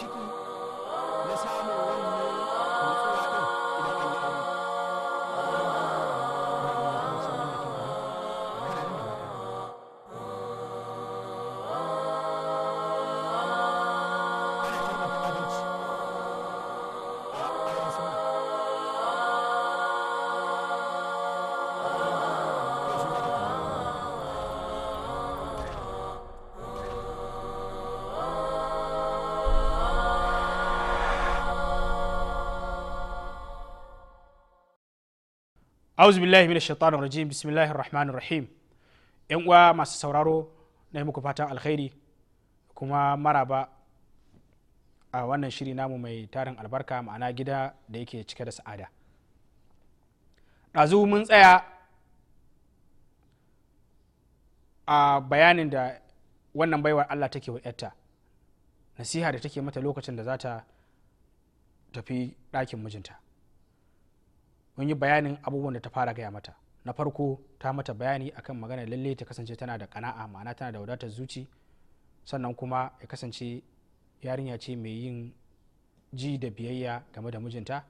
마시고 auzu billahi mina shaitan rajim bismillahi rahmanir rahim yan uwa masu sauraro na yi muku fatan alkhairi kuma maraba a wannan shiri namu mai tarin albarka ma'ana gida da yake cike da sa'ada ɗazu mun tsaya a bayanin da wannan baiwar allah take wa yarta nasiha da take mata lokacin da za ta tafi ɗakin mijinta mun yi bayanin abubuwan da ta fara gaya mata na farko ta mata bayani akan magana lalle ta kasance tana da kana'a ma'ana tana da wadatar zuci sannan kuma ya kasance yarinya ce mai yin ji da biyayya game da mijinta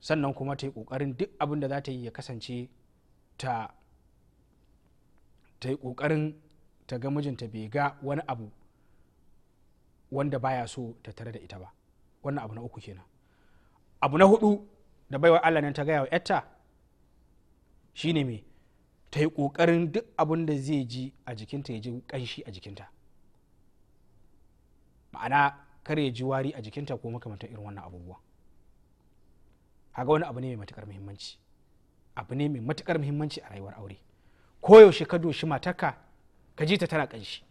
sannan kuma ta yi kokarin duk abin da za ta yi ya kasance ta ta yi kokarin ta ga mijinta bai ga wani abu wanda baya so ta tare da ita ba wannan abu na uku kenan abu na hudu da baiwa allah nan ta gaya wa yatta ne me ta yi ƙoƙarin duk abin da zai ji a jikinta ya ji ƙanshi a jikinta ma'ana kar ya ji wari a jikinta ko makamantar irin wannan abubuwa haga wani abu ne mai matuƙar muhimmanci abu ne mai matuƙar muhimmanci a rayuwar aure koyaushe ka doshi matarka ka ji ta tana ƙanshi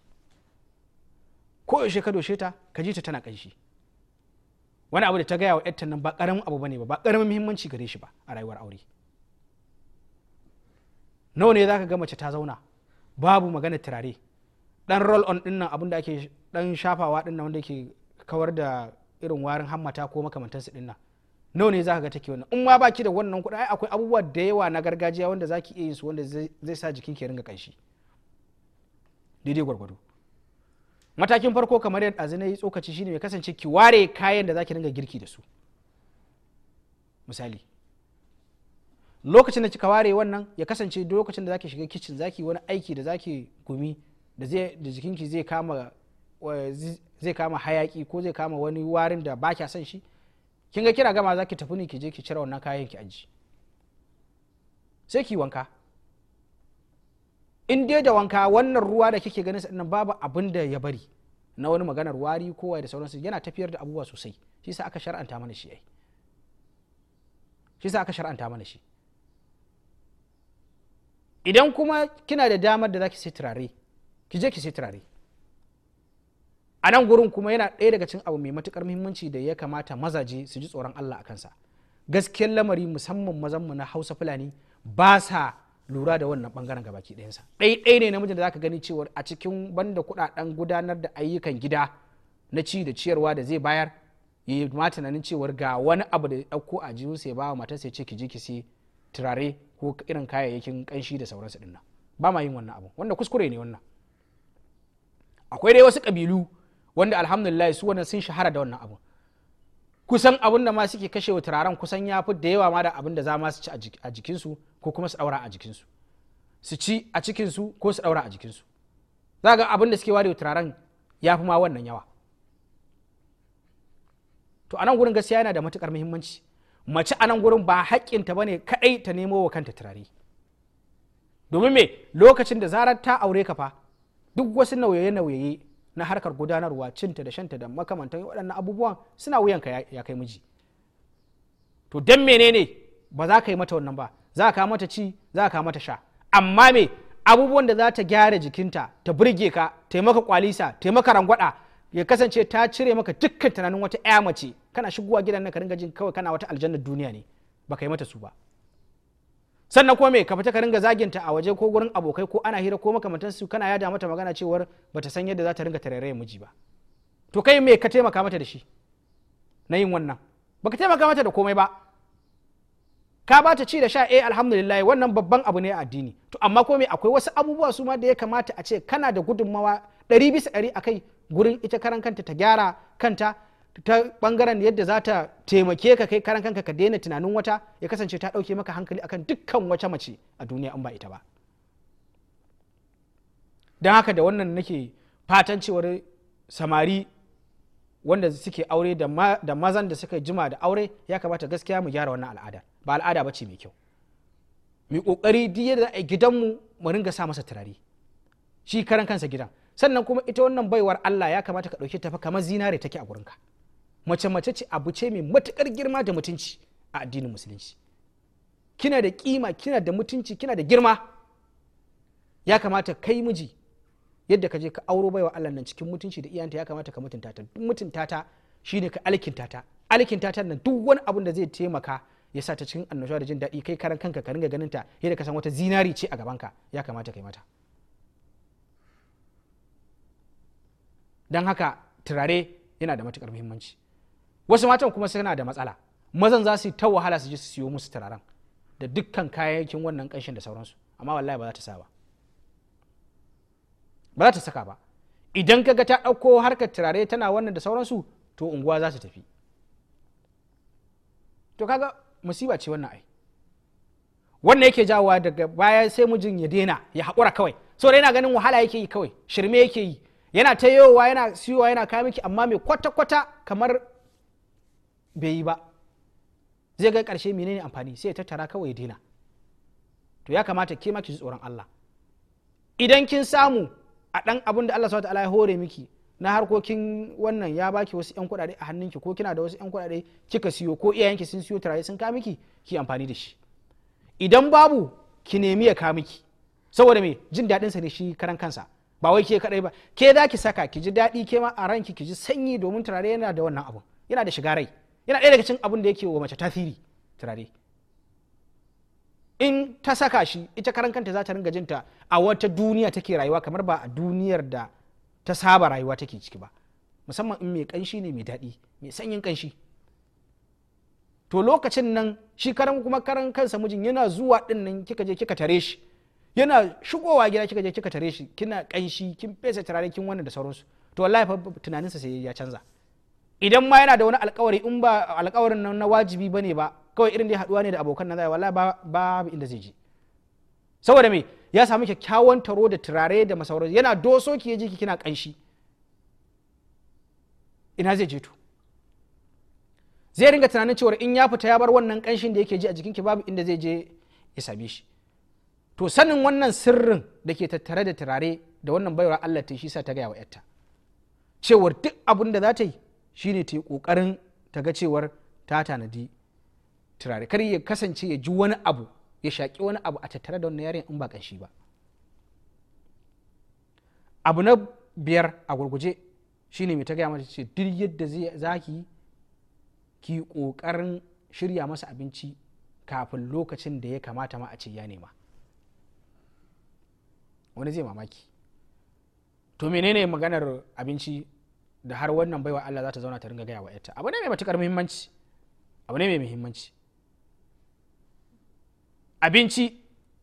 koyaushe ka doshe ta ka ji ta tana ƙanshi wani abu da ta gaya wa yarta nan ba karamin abu bane ba ba karamin muhimmanci gare shi ba a rayuwar aure nawa ne zaka ga mace ta zauna babu magana turare dan roll on din nan abinda ake dan shafawa din nan wanda yake kawar da irin warin hammata ko makamantansu din nan nawa ne zaka ga take wannan in ma baki da wannan kuɗi ai akwai abubuwa da yawa na gargajiya wanda zaki iya yin su wanda zai sa jikin ki ringa kanshi daidai gwargwado matakin farko kamar yadda azina yi tsokaci shine mai kasance ki ware kayan da zaki dinga girki da su misali lokacin da kika ware wannan ya kasance duk lokacin da zaki shiga kicin zaki wani aiki da zaki gumi da zai da jikinki zai kama zai kama hayaki ko zai kama wani warin da ba kya son shi kin ga kira gama zaki tafi ne ki je ki cire wannan kayan ki aji sai ki wanka in dai da wanka wannan ruwa da kike ganin sa babu abin da ya bari na wani maganar wari kowa da sauransu yana tafiyar da abubuwa sosai shi sa aka shar'anta mana shi ai shi sa aka shar'anta mana shi idan kuma kina da damar da zaki sai turare ki je ki sai turare a nan gurin kuma yana ɗaya daga cikin abu mai matukar muhimmanci da ya kamata mazaje su ji tsoron Allah a kansa gaskiyar lamari musamman mazanmu na Hausa Fulani ba sa lura da wannan bangaren gabaki ɗayansa ɗaiɗai ne namijin da zaka gani cewa a cikin banda kuɗaɗen gudanar da ayyukan gida na ci da ciyarwa da zai bayar ya yi ma tunanin cewar ga wani abu da ya dauko a jihunsa sai ba wa matarsa ya ce ki je ki sai turare ko irin kayayyakin ƙanshi da sauransu ɗin nan ba ma yin wannan abu wanda kuskure ne wannan akwai dai wasu kabilu wanda alhamdulillah su wannan sun shahara da wannan abu kusan abin da ma suke kashe wa turaren kusan ya fi da yawa ma da abin da za ma su ci a jikinsu ko kuma su daura a jikinsu su ci a cikinsu ko su daura a jikinsu za ga abin da suke ware turaren ya fi ma wannan yawa to anan gurin gaskiya yana da matukar muhimmanci mace anan gurin ba haƙƙinta ba ne kaɗai ta nemo wa kanta turare domin me lokacin da zarar ta aure ka fa duk wasu nauye-nauye na harkar gudanarwa cinta da shanta da makamantan waɗannan abubuwan suna wuyanka ya kai miji to dan menene ba za ka yi mata wannan ba za ka mata ci za ka mata sha amma me abubuwan da za ta gyara jikinta ta burge ka taimaka kwalisa taimaka rangwada ya kasance ta cire maka dukkan tunanin wata 'ya mace kana shigowa gidan nan ka ringa jin kawai kana wata aljannar duniya ne baka yi mata su ba sannan ko me ka fita ka ringa zaginta a waje ko gurin abokai ko ana hira ko makamantan su kana yada mata magana cewar bata san yadda za ta ringa tarairayar miji ba to kai me ka taimaka mata da shi na yin wannan baka taimaka mata da komai ba ka ba ta ci da sha eh alhamdulillah wannan babban abu ne a addini to amma ko me akwai wasu abubuwa su ma da ya kamata a ce kana da gudunmawa ɗari bisa ɗari a kai gurin ita karan kanta ta gyara kanta ta bangaren yadda za ta taimake ka kai karan kanka ka daina tunanin wata ya kasance ta dauke maka hankali akan dukkan wata mace a duniya in ba ita ba don haka da wannan nake fatan cewar samari wanda suke aure da mazan da suka jima da aure ya kamata gaskiya mu gyara wannan al'ada ba al'ada ba ce mai kyau mai kokari duk yadda a gidanmu mu ringa sa masa turare shi karan kansa gidan sannan kuma ita wannan baiwar Allah ya kamata ka ɗauke ta fa kamar zinare take a gurinka mace mace ce abu ce mai matukar girma da mutunci a addinin musulunci kina da kima kina da mutunci kina da girma ya kamata kai miji yadda ka je ka auro baiwa Allah nan cikin mutunci da iyanta ya kamata ka mutunta ta duk mutunta ta shine ka alkinta ta alkinta ta nan duk wani abun da zai taimaka ya sa ta cikin annashuwa da jin daɗi kai karan kanka ka ringa ganin ta yadda ka san wata zinari ce a gaban ka? ya kamata kai mata dan haka turare yana da matukar muhimmanci wasu matan kuma suna da matsala mazan za su yi ta wahala su je su siyo musu turaren da dukkan kayayyakin wannan kanshin da sauransu amma wallahi ba za ta sa ba ba za ta saka ba idan ka ga ta ɗauko harkar turare tana wannan da sauransu to unguwa za su tafi to kaga musiba ce wannan ai wannan yake jawowa daga baya sai mijin ya daina ya haƙura kawai so da yana ganin wahala yake yi kawai shirme yake yi yana ta yana siyowa yana kawo miki amma mai kwata-kwata kamar bai yi ba zai ga ƙarshe menene amfani sai ya tattara kawai ya daina to ya kamata ke ma ki ji tsoron Allah idan kin samu a dan abin da Allah subhanahu ya hore miki na harkokin wannan ya baki wasu yan kudade a hannunki ko kina da wasu yan kudade kika siyo ko iyayenki sun siyo turare sun ka miki ki amfani da shi idan babu ki nemi ya ka miki saboda me jin daɗin sa ne shi karan kansa ba wai ke kadai ba ke za ki saka ki ji dadi ke ma a ranki ki ji sanyi domin turare yana da wannan abun yana da shiga rai yana ɗaya daga cikin abin da yake wa mace tasiri turare in ta saka shi ita karan kanta za ta ringa jinta a wata duniya take rayuwa kamar ba a duniyar da ta saba rayuwa take ciki ba musamman in mai kanshi ne mai daɗi mai sanyin kanshi to lokacin nan shi karan kuma karan kansa mijin yana zuwa ɗin nan kika je kika tare shi yana shigowa gida kika je kika tare shi kina kanshi kin fesa turare kin wannan da sauransu to wallahi fa tunaninsa sai ya canza idan ma yana da wani alkawari in ba alkawarin nan na wajibi ba ne ba kawai irin dai haduwa ne da abokan nan zai wallahi babu inda zai je saboda me ya samu kyakkyawan taro da turare da masauro yana doso ki yaji kina kanshi ina zai je to zai ringa tunanin cewa in ya fita ya bar wannan kanshin da yake ji a jikin ki babu inda zai je ya same shi to sanin wannan sirrin da ke tattare da turare da wannan baiwar Allah ta shi sa ta gaya wa yarta cewar duk abin da za ta yi shine ta yi ƙoƙarin ta ga cewar ta tanadi turare kar ya kasance ya ji wani abu ya shaƙi wani abu a tattare da wannan yaren in ba ƙanshi ba abu na biyar a gurguje shine mai ta gaya mata ce duk yadda za ki ki ƙoƙarin shirya masa abinci kafin lokacin da ya kamata ma a ce ya nema wani zai mamaki to menene maganar abinci da har wannan baiwa Allah za ta zauna ta ringa gaya wa ita abu ne mai matukar muhimmanci abu ne mai muhimmanci abinci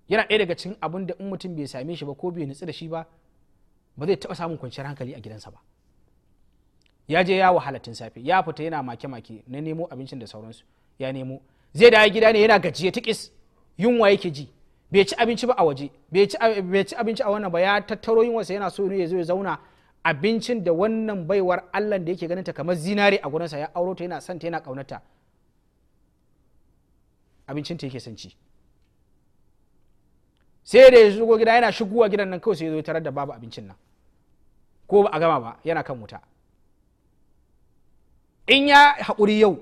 yana ɗaya daga cikin abin da in mutum bai same shi ba ko bai nutsu da shi ba ba zai taɓa samun kwanciyar hankali a gidansa ba ya je ya wahalatin safe ya fita yana make-make na nemo abincin da sauransu ya nemo zai dawo gida ne yana gajiye tikis yunwa yake ji bai ci abinci ba a waje bai ci abinci a wannan ba ya tattaro yunwarsa yana so ne ya zo ya zauna abincin da wannan baiwar allah da yake ganinta kamar zinare a gurinsa ya auro ta yana ta yana kaunata abincin ta yake son ci sai da ya shigo gida yana shigowa gidan nan kawai sai ya zo tarar da babu abincin nan ko ba a gama ba yana kan wuta in ya haƙuri yau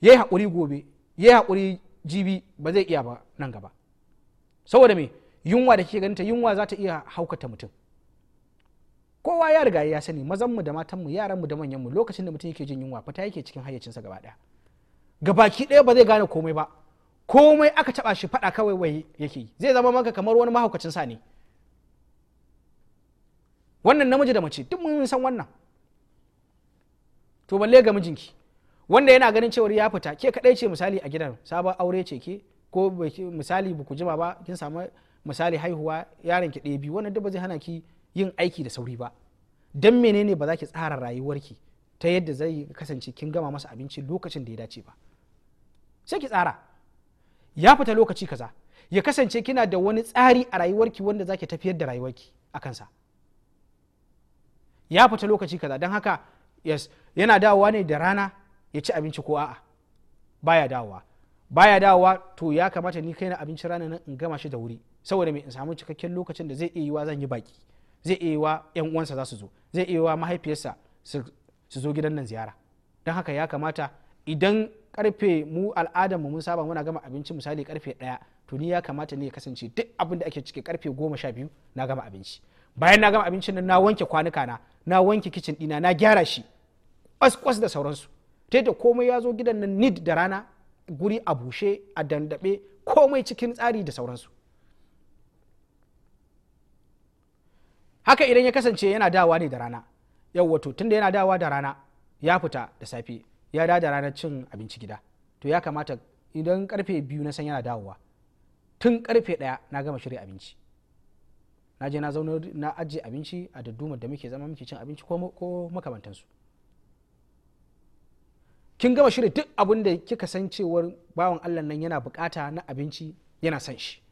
ya yi haƙuri gobe ya yi haƙuri jibi ba zai iya ba nan gaba saboda me yunwa da ke ganin ta yunwa za ta iya haukata mutum kowa ya riga ya sani mazan mu da matan mu yaran mu da manyan mu lokacin da mutum yake jin yunwa fita yake cikin hayyacinsa gaba daya gabaki daya ba zai gane komai ba komai aka taba shi fada kawai wai yake zai zama maka kamar wani mahaukacin sa ne wannan namiji da mace duk mun san wannan to balle ga mijinki wanda yana ganin cewar ya fita ke kadai ce misali a gidan sabon aure ce ke ko misali ba ku jima ba kin samu misali haihuwa yaron ki ɗaya biyu wannan duk ba zai hana ki yin aiki da sauri ba don menene ba za ki tsara rayuwarki ta yadda zai kasance kin gama masa abinci lokacin da ya dace ba sai ki tsara ya fita lokaci kaza ya kasance kina da wani tsari a rayuwarki wanda zaki tafiyar da rayuwarki a kansa ya fita lokaci kaza don haka yes, yana dawowa ne da rana ya ci abinci ko a'a baya dawowa baya dawowa to ya kamata ni kai na abincin rana nan in gama shi da wuri saboda mai in samu cikakken lokacin da zai iya yiwa zan yi baki zai iya wa yan uwansa za su zo zai iya wa mahaifiyarsa su zo gidan nan ziyara don haka ya kamata idan karfe mu al'adar mu mun saba muna gama abinci misali karfe ɗaya to ni ya kamata ne ya kasance duk abin da ake cike karfe goma sha biyu na gama abinci bayan na gama abincin nan na wanke kwanuka na na wanke kicin ɗina na gyara shi kwas da sauransu ta yadda komai ya zo gidan nan nid da rana guri a bushe a dandaɓe komai cikin tsari da sauransu haka idan ya kasance yana dawa ne da rana yau wato tunda yana dawa da rana ya fita da safe ya da da ranar cin abinci gida to ya kamata idan karfe biyu na san yana dawowa tun karfe daya na gama shirya abinci na je na zauna na ajiye abinci a daddumar da muke zama muke cin abinci ko makamantansu kin gama shirya duk abin da kika san cewar bawan allah nan yana bukata na abinci yana san shi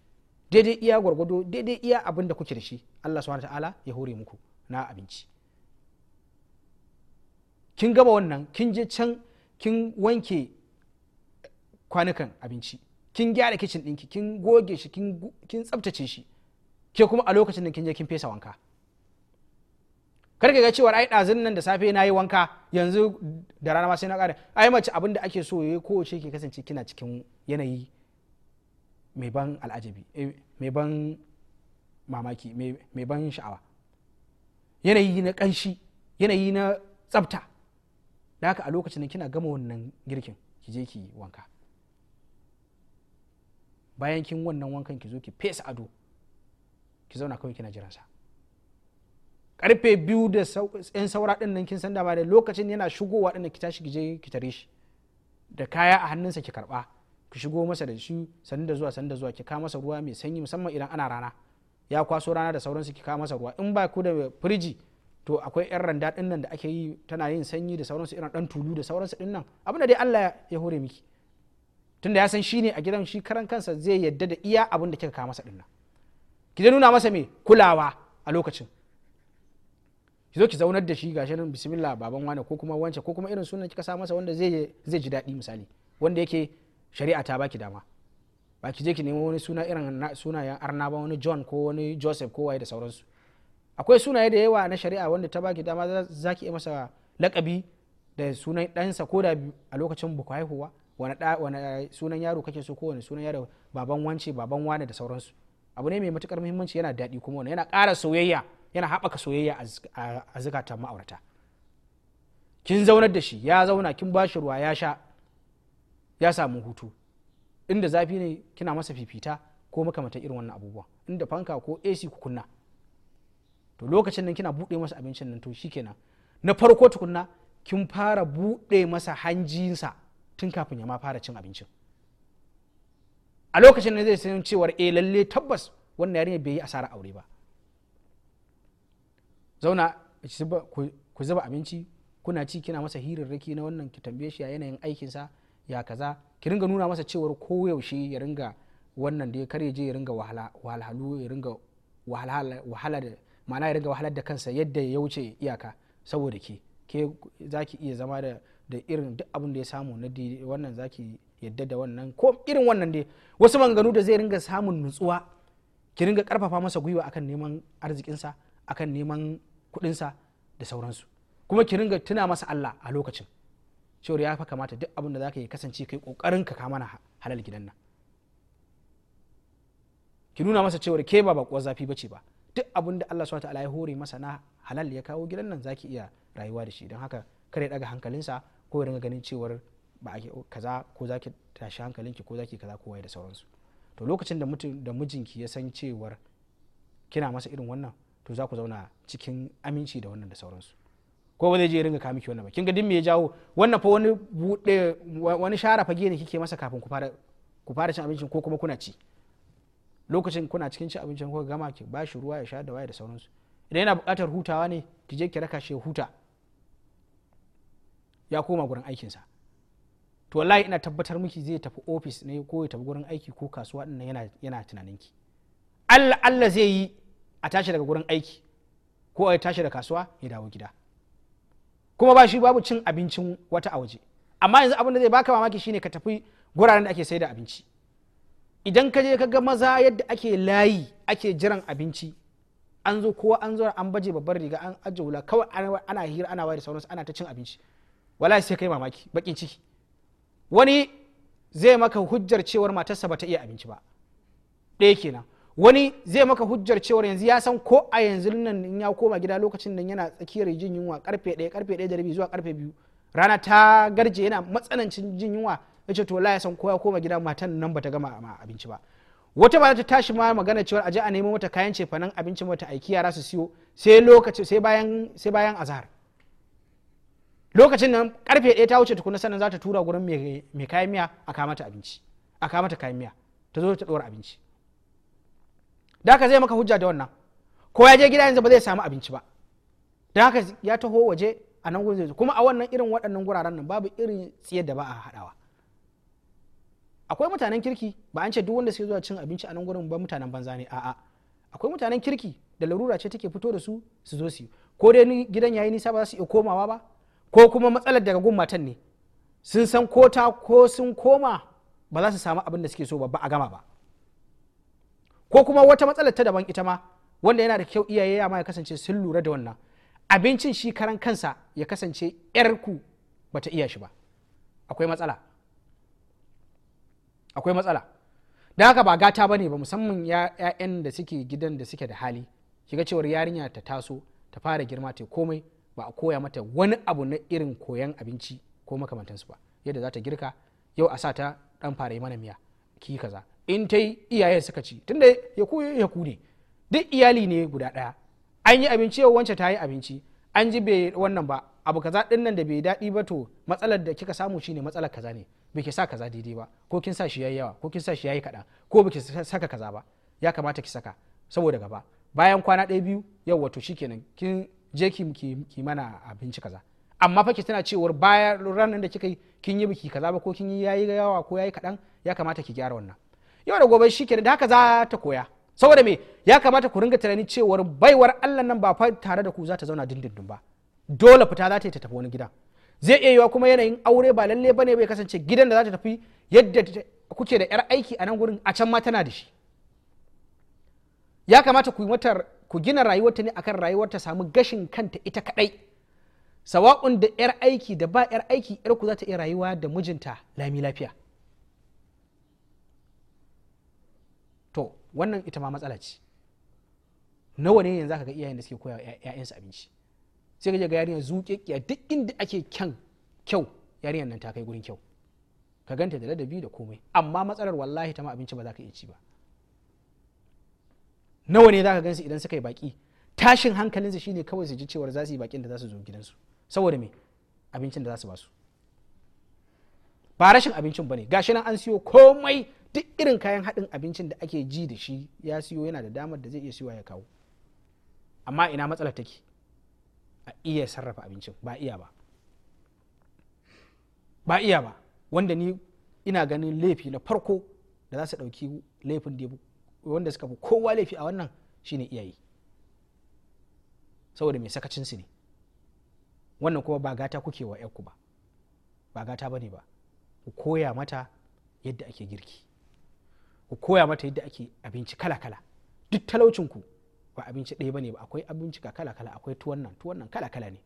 daidai iya gwargwado daidai iya abin da kuke da shi Allah subhanahu ta'ala ya hore muku na abinci kin gaba wannan kin je can kin wanke kwanukan abinci kin gyara kicin ɗinki kin goge shi kin tsabtace shi ke kuma a lokacin da kin je kin fesa wanka karka ga cewa ai ɗazun nan da safe na yi wanka yanzu da rana ma sai na ƙara ai mace abin da ake so ya eh, kowace ke kasance kina cikin yanayi mai ban al'ajabi eh, mai ban mamaki mai ban sha'awa yanayi na ƙanshi yanayi na tsabta da haka a lokacin da kina gama wannan girkin ki je ki wanka bayan kin wannan wankan ki zo ki fesa ado ki zauna kawai kina jiransa karfe biyu da yan saura din nan kin san da da lokacin yana shigowa din ki tashi ki je ki tare shi da kaya a hannunsa ki karba Ki shigo masa da shi sannu da zuwa sannu da zuwa ki kawo masa ruwa mai sanyi musamman idan ana rana ya kwaso rana da sauransu ki kawo masa ruwa in ba ku da firiji to akwai yan randa din nan da ake yi tana yin sanyi da sauransu irin dan tulu da sauransu din nan dai Allah ya hore miki tunda ya san shine a gidan shi karan kansa zai yadda da iya abin da kika kawo masa din nan ki nuna masa me kulawa a lokacin ki zo ki zaunar da shi gashi nan bismillah baban wani ko kuma wance ko kuma irin sunan kika sa masa wanda zai zai ji daɗi misali wanda yake shari'a ta baki dama ba ki je ki nemo wani suna irin sunayen arna ba wani john ko wani joseph ko waye da sauransu akwai sunaye da yawa na shari'a wanda ta baki dama za ki masa lakabi da sunan ɗansa ko da a lokacin buku haihuwa wani sunan yaro kake so ko wani sunan yaro baban wance baban wane da sauransu abu ne mai matukar muhimmanci yana daɗi kuma wani yana ƙara soyayya yana haɓaka soyayya a zukatan ma'aurata kin zaunar da shi ya zauna kin bashi ruwa ya sha ya samu hutu inda zafi ne kina masa fifita ko makamata irin wannan abubuwa inda fanka ko ac ku kunna to lokacin nan kina buɗe masa abincin nan to shikenan na farko tukunna kin fara buɗe masa hanjinsa tun kafin ya ma fara cin abincin a lokacin nan zai san cewar eh lalle tabbas wannan yarinya bai yi asara aure ba zauna ku zuba abinci kuna ci kina masa hirarraki na wannan ki tambaye shi a yanayin aikinsa ya kaza ki ringa nuna masa cewar koyaushe ya ringa wannan da ya kare je ya ringa wahalhalu ya ringa wahala da ma'ana ya ringa wahalar da kansa yadda ya wuce iyaka saboda ke ke za ki iya zama da irin duk abin da ya samu na wannan za ki yadda da wannan ko irin wannan dai wasu manganu da zai ringa samun nutsuwa ki ringa karfafa masa gwiwa akan neman arzikinsa akan neman kudinsa da sauransu kuma ki ringa tuna masa Allah a lokacin cewar ya fa kamata duk abin da za ka yi kasance kai kokarin ka kama na halal gidan nan ki nuna masa cewar ke ba bakuwar zafi bace ba duk abin da Allah subhanahu ta'ala ya hore masa na halal ya kawo gidan nan zaki iya rayuwa da shi don haka kare daga hankalinsa ko ya ringa ganin cewar ba a kaza ko zaki tashi hankalinki ko zaki kaza ko da sauransu to lokacin da mutum da mijinki ya san cewar kina masa irin wannan to za ku zauna cikin aminci da wannan da sauransu ko ba zai je ringa kawo miki wannan ba kin ga din me ya jawo wannan fa wani bude wani shara fage ne kike masa kafin ku fara ku fara cin abincin ko kuma kuna ci lokacin kuna cikin cin abincin ko gama ki ba shi ruwa ya sha da waya da sauransu idan yana buƙatar hutawa ne ki je ki raka shi huta ya koma gurin aikinsa to wallahi ina tabbatar miki zai tafi ofis ne ko ya tafi gurin aiki ko kasuwa din yana yana ki Allah Allah zai yi a tashi daga gurin aiki ko a tashi da kasuwa ya dawo gida kuma ba shi babu cin abincin wata a waje amma yanzu abin da zai baka mamaki shine ka tafi guraren da ake sai da abinci idan ka je ka ga maza yadda ake layi ake jiran abinci an zo kowa an zo an baje babbar riga an aje wula kawai ana hira ana wayar sauransu ana ta cin abinci wala sai kai mamaki bakin ciki wani zai maka hujjar cewar matarsa ba ta iya abinci ba ɗaya kenan wani zai maka hujjar cewar yanzu ya san ko a yanzu nan in ya koma gida lokacin nan yana tsakiyar jin yunwa karfe ɗaya karfe ɗaya da rabi zuwa karfe biyu rana ta garje yana matsanancin jin yunwa ya ce to la ya san ko ya koma gida matan nan bata gama ma abinci ba wata ba ta tashi ma magana cewa aje a nemo mata kayan cefanen abinci mata aiki yara su siyo sai lokacin sai bayan sai bayan azhar lokacin nan karfe ɗaya ta wuce tukuna sannan za ta tura gurin mai kayan miya a kamata abinci a kamata kayan miya ta zo ta dora abinci da haka zai maka hujja da wannan ko ya je gida yanzu ba zai samu abinci ba da haka ya taho waje a nan gudun zai kuma a wannan irin waɗannan guraren nan babu irin tsiyar da ba a haɗawa akwai mutanen kirki ba an ce duk wanda suke zuwa cin abinci a nan gurin ba mutanen banza ne a'a akwai mutanen kirki da larura ce take fito da su su zo su ko dai gidan yayi nisa ba za su iya komawa ba ko kuma matsalar daga gun matan ne sun san ko ta ko sun koma ba za su samu abin da suke so ba ba a gama ba ko kuma wata matsalar ta daban ita ma wanda yana da kyau iyaye ya ma ya kasance sun lura da wannan abincin shi karan kansa ya kasance yarku bata iya shi ba akwai matsala akwai matsala da haka ba gata bane ba musamman ya'yan da suke gidan da suke da hali shiga cewar yarinya ta taso ta fara girma ta komai ba a koya mata wani abu na irin koyan abinci ko makamantansu ba yadda za ta girka yau a sa ta dan fara yi mana miya ki kaza in ta yi iyayen suka ci tunda yaku yaku ne duk iyali ne guda ɗaya an yi abinci yau wance ta yi abinci an ji bai wannan ba abu kaza din nan da bai daɗi ba to matsalar da kika samu shine matsalar kaza ne bai sa kaza daidai ba ko kin sa shi yayi yawa ko kin sa shi yayi kaɗan ko baki saka kaza ba ya kamata ki saka saboda gaba bayan kwana ɗaya biyu yau wato shikenan kin je ki mana abinci kaza amma fa ki tana cewar bayan ranar da kika yi kin yi biki kaza ba ko kin yi yayi yawa ko yayi kaɗan ya kamata ki gyara wannan yau da gobe shi kenan da haka za ta koya saboda me ya kamata ku ringa tunanin cewar baiwar Allah nan ba fa tare da ku za ta zauna dindindin ba dole fita za ta yi ta tafi wani gida zai iya yiwa kuma yanayin aure ba lalle ba ne bai kasance gidan da za ta tafi yadda kuke da yar aiki a nan gurin a can ma tana da shi ya kamata ku mata ku gina rayuwarta ne akan rayuwar ta samu gashin kanta ita kadai sawa'un da yar aiki da ba yar aiki yar ku za ta iya rayuwa da mijinta lami lafiya wannan ita ma matsala ce nawa ne yanzu ka ga iyayen da suke koya ƴaƴansu abinci sai ka ga yarinya zuƙeƙiya duk inda ake kyan kyau yarinyar nan ta kai gurin kyau ka ganta da ladabi da komai amma matsalar wallahi ta ma abinci ba za ka iya ci ba nawa ne za ka gansu idan suka yi baki tashin hankalinsu shine kawai su ji cewar za su yi bakin da za su zo gidansu saboda me abincin da za su ba su ba rashin abincin ba ne gashi nan an siyo komai duk irin kayan haɗin abincin da ake ji da shi ya siyo yana da damar da zai iya siyowa ya kawo amma ina matsalar take a iya sarrafa abincin ba iya ba ba iya ba wanda ni ina ganin laifi na farko da za su ɗauki laifin da wanda suka fi kowa laifi a wannan shine iyaye saboda mai sakacin su ne wannan kuma ba gata kuke wa 'yarku ba ba gata ba ba ku koya mata yadda ake girki ku koya mata yadda ake abinci kala-kala duk talaucin ku ba abinci ɗaya bane ba akwai abinci ka kala-kala akwai tuwon nan tuwon nan kala-kala ne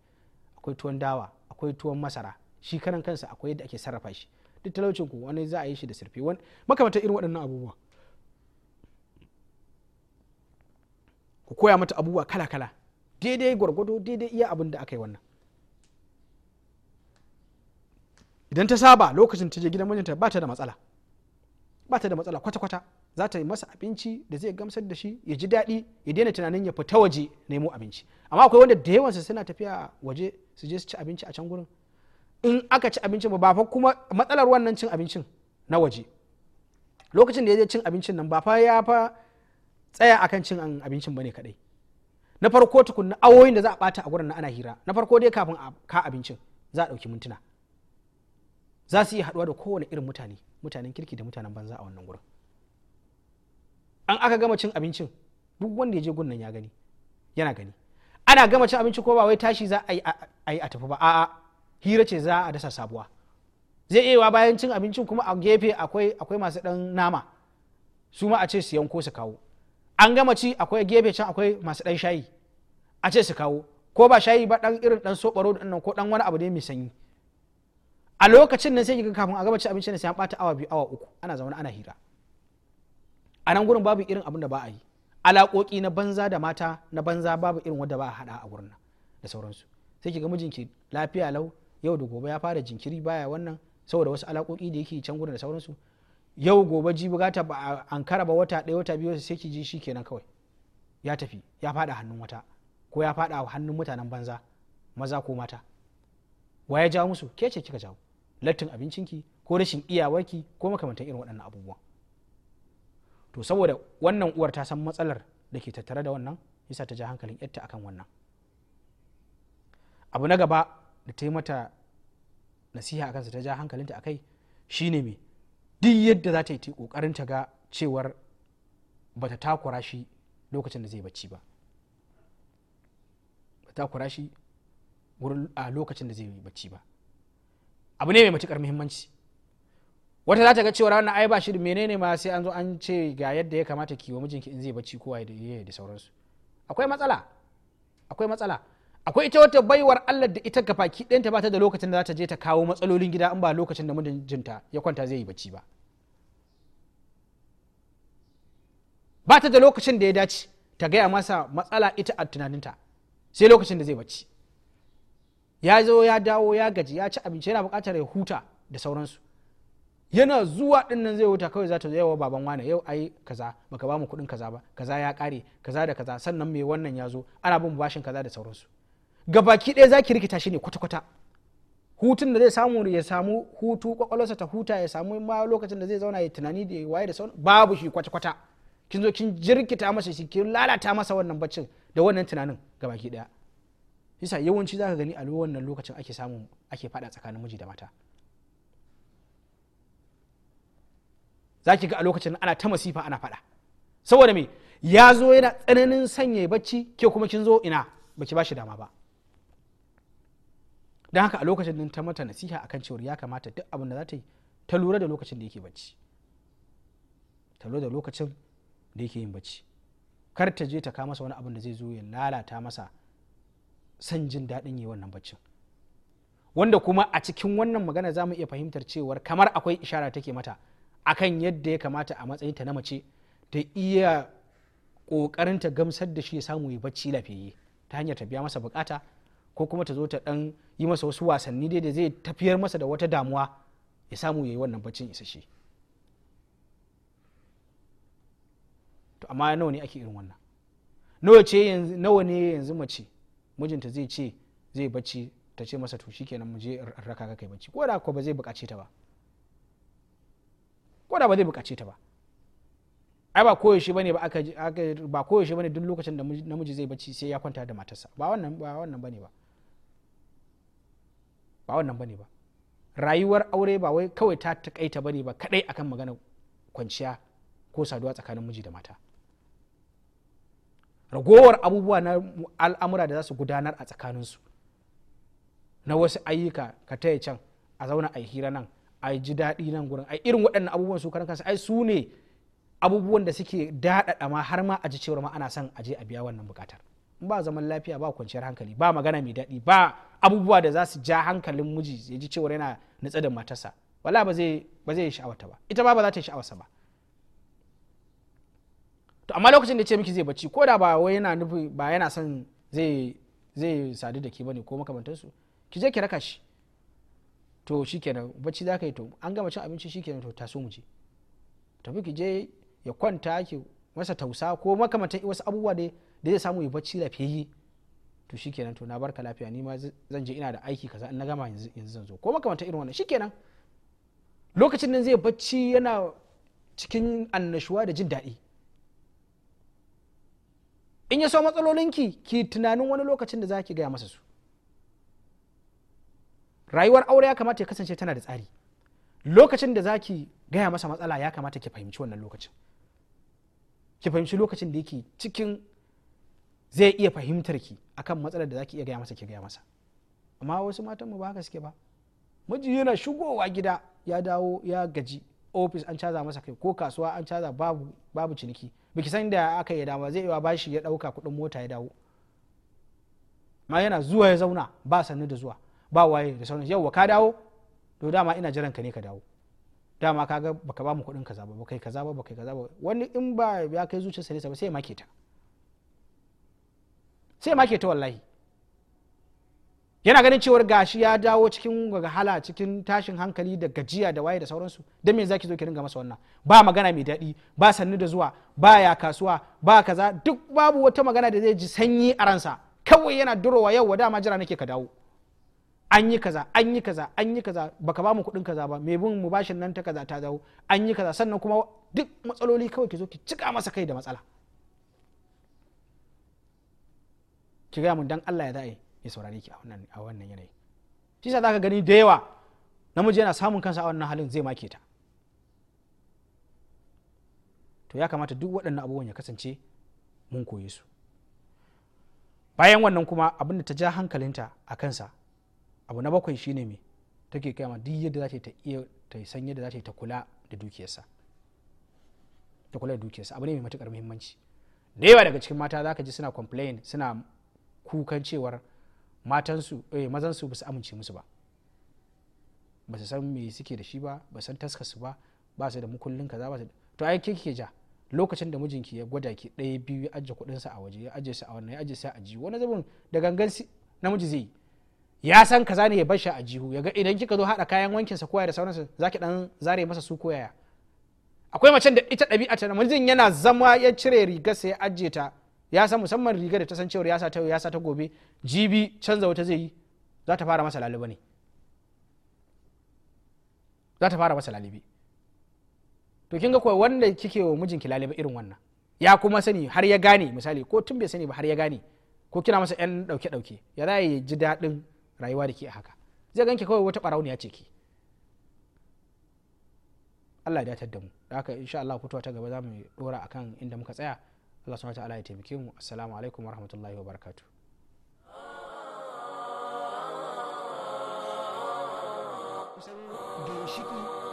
akwai tuwon dawa akwai tuwon masara shi karan kansa akwai yadda ake sarrafa shi duk talaucin ku wani za a yi shi da sirfi wani makamantar irin waɗannan abubuwa ku koya mata abubuwa kala-kala daidai gwargwado daidai iya abin da aka yi wannan idan ta saba lokacin ta je gidan mijinta ba ta da matsala ba ta da matsala kwata-kwata za ta yi masa abinci da zai gamsar da shi ya ji daɗi ya daina tunanin ya fita waje nemo abinci amma akwai wanda da yawansu suna tafiya waje su je su ci abinci a can gurin in aka ci abincin ba fa kuma matsalar wannan cin abincin na waje lokacin da ya je cin abincin nan ba fa ya fa tsaya akan cin abincin bane kadai na farko tukunna awoyin da za a bata a gurin na ana hira na farko dai kafin ka abincin za a ɗauki mintuna za su iya haɗuwa da kowane irin mutane mutanen kirki da mutanen banza a wannan gurin an aka gama cin abincin duk wanda ya je gunnan ya gani yana gani ana gama cin abinci ko ba wai tashi za a yi a tafi ba a'a hira ce za a dasa sabuwa zai iya wa bayan cin abincin kuma a gefe akwai akwai masu dan nama su ma a ce su yanko su kawo an gama ci akwai gefe can akwai masu dan shayi a ce su kawo ko ba shayi ba dan irin dan sobaro ko dan wani abu ne mai sanyi a lokacin nan sai ga kafin a gaba abinci ne sai an bata awa biyu awa uku ana zaune ana hira a nan gurin babu irin abin da ba a yi alaƙoƙi na banza da mata na banza babu irin wanda ba a haɗa a gurin da sauransu sai ga mijinki lafiya lau yau da gobe ya fara jinkiri baya wannan saboda wasu alaƙoƙi da yake can gurin da sauransu yau gobe ji bugata ba a ankara ba wata ɗaya wata biyu sai ki ji shi kenan kawai ya tafi ya fada hannun wata ko ya fada hannun mutanen banza maza ko mata wa ya jawo musu ke ce kika jawo lattin abincinki ko rashin iyawarki ko makamantan irin waɗannan abubuwan to saboda wannan uwar ta san matsalar da ke tattare da wannan yasa ta ja hankalin yarta akan wannan abu na gaba da ta yi mata nasiha akan ta ja hankalinta akai shine me duk yadda za ta yi kokarin ta ga cewar ta takura shi lokacin da zai bacci ba takura shi a lokacin da zai yi bacci ba abu ne mai matukar muhimmanci wata za ta ga cewa wannan ai ba shi menene ma sai an zo an ce ga yadda ya kamata ki wa mijinki in zai bacci ko ya da sauransu akwai matsala akwai matsala akwai ita wata baiwar Allah da ita gafaki ɗayanta ba ta da lokacin da za ta je ta kawo matsalolin gida in ba lokacin da mijinta ya kwanta zai yi bacci ba ba ta da lokacin da ya dace ta gaya masa matsala ita a tunaninta sai lokacin da zai bacci ya zo ya dawo ya gaji ya ci abinci yana buƙatar ya huta da sauransu yana zuwa din nan zai huta kawai za ta zo yawa baban wane yau ai kaza baka ba mu kuɗin kaza ba kaza ya ƙare kaza da kaza sannan mai wannan ya zo ana bin bashin kaza da sauransu gabaki ɗaya zaki ki rikita shi ne kwata-kwata hutun da zai samu ya samu hutu kwakwalwarsa ta huta ya samu ma lokacin da zai zauna ya tunani da waye da sauran babu shi kwata-kwata kin zo kin jirkita masa shi kin lalata masa wannan baccin da wannan tunanin gabaki ɗaya yasa yawanci za ka gani a wannan lokacin ake samu ake fada tsakanin miji da mata za ki ga a lokacin ana ta masifa ana fada saboda me ya zo yana tsananin sanya bacci ke kuma kin zo ina ba baki shi dama ba don haka a lokacin nan ta mata nasiha akan cewar ya kamata duk abin da za ta yi ta lura da lokacin da yake bacci ta lura da lokacin da yake yin bacci kar ta je ta kama masa wani abin da zai zo ya lalata masa San jin daɗin yi wannan baccin wanda kuma a cikin wannan magana za mu iya fahimtar cewar kamar akwai ishara take mata akan yadda ya kamata a matsayin ta na mace ta iya ƙoƙarin ta gamsar da shi ya samu ya bacci lafiyayye ta hanyar ta biya masa bukata ko kuma ta zo ta ɗan yi masa wasu wasanni dai da zai tafiyar masa da wata damuwa ya samu ya wannan baccin isasshe to amma nawa ne ake irin wannan nawa ce nawa ne yanzu mace mijinta zai ce zai bacci ta ce masa to shikenan mu je raka ka kai bacci ko da ko ba zai bukace ta ba ko da ba zai bukace ta ba ai ba shi bane ba aka ba shi bane duk lokacin da namiji zai bacci sai ya kwanta da matarsa ba wannan ba wannan bane ba ba wannan bane ba rayuwar aure ba wai kawai ta takaita bane ba kadai akan magana kwanciya ko saduwa tsakanin miji da mata ragowar abubuwa na al'amura da za su gudanar a tsakaninsu na wasu ayyuka ka taya can a zauna a hira nan a ji daɗi nan gurin ai irin waɗannan abubuwan su karan kansu ai su ne abubuwan da suke daɗaɗa ma har ma a ji cewar ma ana son a je a biya wannan buƙatar ba zaman lafiya ba kwanciyar hankali ba magana mai daɗi ba abubuwa da za su ja hankalin miji ya ji cewar yana nutsa da matarsa wala ba zai ba sha'awata ba ita ba ba za ta yi sha'awarsa ba to amma lokacin da ce miki zai bacci ko da ba wai yana nufi ba yana son zai zai sadu da ke bane ko makamantansu ki je ki raka shi to shikenan bacci za ka yi to an gama cin abinci shikenan to taso mu je tafi ki je ya kwanta ki masa tausa ko makamantar wasu abubuwa da da zai samu ya bacci lafiyayye to shikenan to na barka lafiya ni ma zan je ina da aiki kaza in na gama yanzu zan zo ko makamantan irin wannan shikenan lokacin nan zai bacci yana cikin annashuwa da jin daɗi in ya so matsalolinki ki tunanin wani lokacin da za ki gaya masa su rayuwar aure ya kamata ya kasance tana da tsari lokacin da za ki gaya masa matsala ya kamata ki fahimci wannan lokacin ki fahimci lokacin da yake cikin zai iya fahimtar ki akan matsalar da za ki iya gaya masa ki gaya masa amma wasu matan mu ba haka suke ba miji yana shigowa gida ya dawo ya gaji ofis an caza masa kai ko kasuwa an caza babu babu ciniki biki san da aka yi dama zai iya bashi ya dauka kudin mota ya dawo ma yana zuwa ya zauna ba sannu da zuwa ba waye da sauran yau ka dawo to dama ina jiran ka ne ka dawo dama kaga baka ba mu kudin kaza ba baka kaza ba baka kaza ba wani in ba ya kai zuciyarsa ne sai make ta sai ma ta wallahi yana ganin cewar gashi ya dawo cikin wahala cikin tashin hankali da gajiya da waye da sauransu don me zaki zo ki ringa masa wannan ba magana mai daɗi ba sannu da zuwa ba ya kasuwa ba kaza duk babu wata magana da zai ji sanyi a ransa kawai yana durowa yau ma jira nake ka dawo an yi kaza an yi kaza an yi kaza baka ba mu kuɗin kaza ba me bin mu bashin nan ta kaza ta dawo an yi kaza sannan kuma duk matsaloli kawai ki zo ki cika masa kai da matsala ki gaya mun dan Allah ya zai ya saurare ki a wannan yanayi shi sa zaka gani da yawa namiji yana samun kansa a wannan halin zai make ta to ya kamata duk waɗannan abubuwan ya kasance mun koye su bayan wannan kuma abin da ta ja hankalinta a kansa abu na bakwai shine me take ma duk yadda za ta iya ta san yadda za ta ta kula da dukiyarsa ta kula da dukiyarsa abu ne mai matukar muhimmanci da yawa daga cikin mata za ka ji suna complain suna kukan cewar matansu eh mazansu ba su amince musu ba ba su san me suke da shi ba ba san su ba ba su da mukullin kaza ba su to ai ke kike ja lokacin da mijinki ya gwada ki ɗaya biyu ya ajiye kuɗin sa a waje ya ajiye sa a wannan ya ajiye sa a jihu wani zubin da gangan namiji zai ya san kaza ne ya bar shi a jihu ya ga idan kika zo hada kayan wankin sa koya da sauransu zaki dan zare masa su koyaya akwai macen da ita ɗabi'a ta namijin yana zama ya cire rigar sa ya ajiye ta ya san musamman riga da ta san cewar ya ta ya sa ta gobe jibi canza wata zai yi za ta fara masa laluba ne za ta fara masa lalibi to kin ga kuwa wanda kike wa mijinki lalibi irin wannan ya kuma sani har ya gane misali ko tun bai sani ba har ya gane ko kina masa yan dauke dauke ya za ya ji daɗin rayuwa da ke a haka zai ganke kawai wata barauniya ce ki Allah ya datar da mu da haka insha Allah fitowa ta gaba za mu dora akan inda muka tsaya Allah subhanahu ta'ala ya taimake mu assalamu alaikum warahmatullahi wabarakatuh kusan